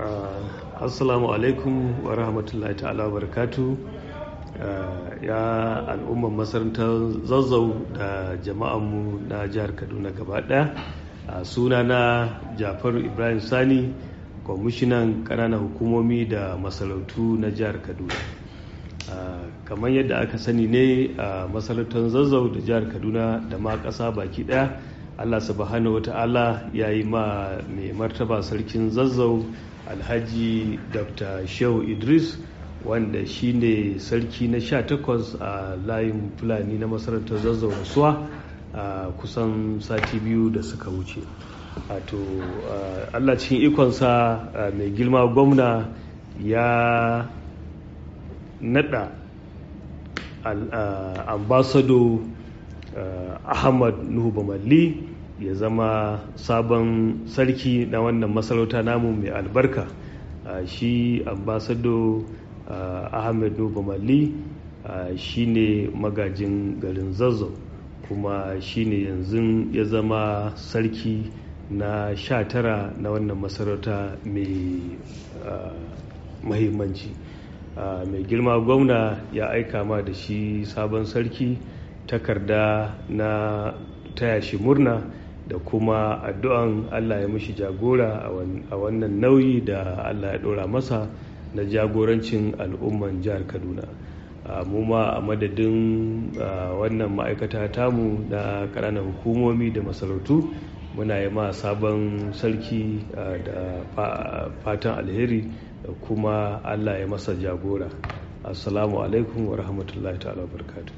Uh, assalamu alaikum wa rahmatullahi ta'ala barakatu uh, ya al'ummar masarantar zazzau da jama'anmu na jihar kaduna gaba daya uh, suna na jafaru ibrahim sani kwamishinan ƙananan hukumomi da masarautu na jihar kaduna kamar yadda aka sani ne a masarautar zazzau da jihar kaduna da ma ƙasa baki daya allah subhanahu wata'ala ya yi ma mai martaba sarkin zazzau alhaji dr shehu idris wanda shi ne sarki na 18 a layin fulani na masarautar zazzau rasuwa a kusan sati biyu da suka wuce to allah cikin ikonsa mai girma gwamna ya naɗa ambasado Eh, ahmad nuhu bamalli ya zama sabon sarki na wannan masarauta namu mai albarka eh, shi ambasado eh, Ahmad nuhu bamalli shi ne magajin garin zazzau kuma shi ne yanzu ya zama sarki na sha tara na wannan masarauta mai mahimmanci mai girma gwamna ya aika ma da shi sabon sarki takarda na taya shi murna da kuma addu'an allah ya mishi jagora a wannan nauyi da allah ya ɗora masa na jagorancin al'umman jihar kaduna mu ma a madadin wannan ma'aikata tamu na ƙananan hukumomi da masarautu muna yi ma sabon sarki da fatan alheri da kuma allah ya masa jagora assalamu alaikum wa rahmatullahi ta'ala barkatu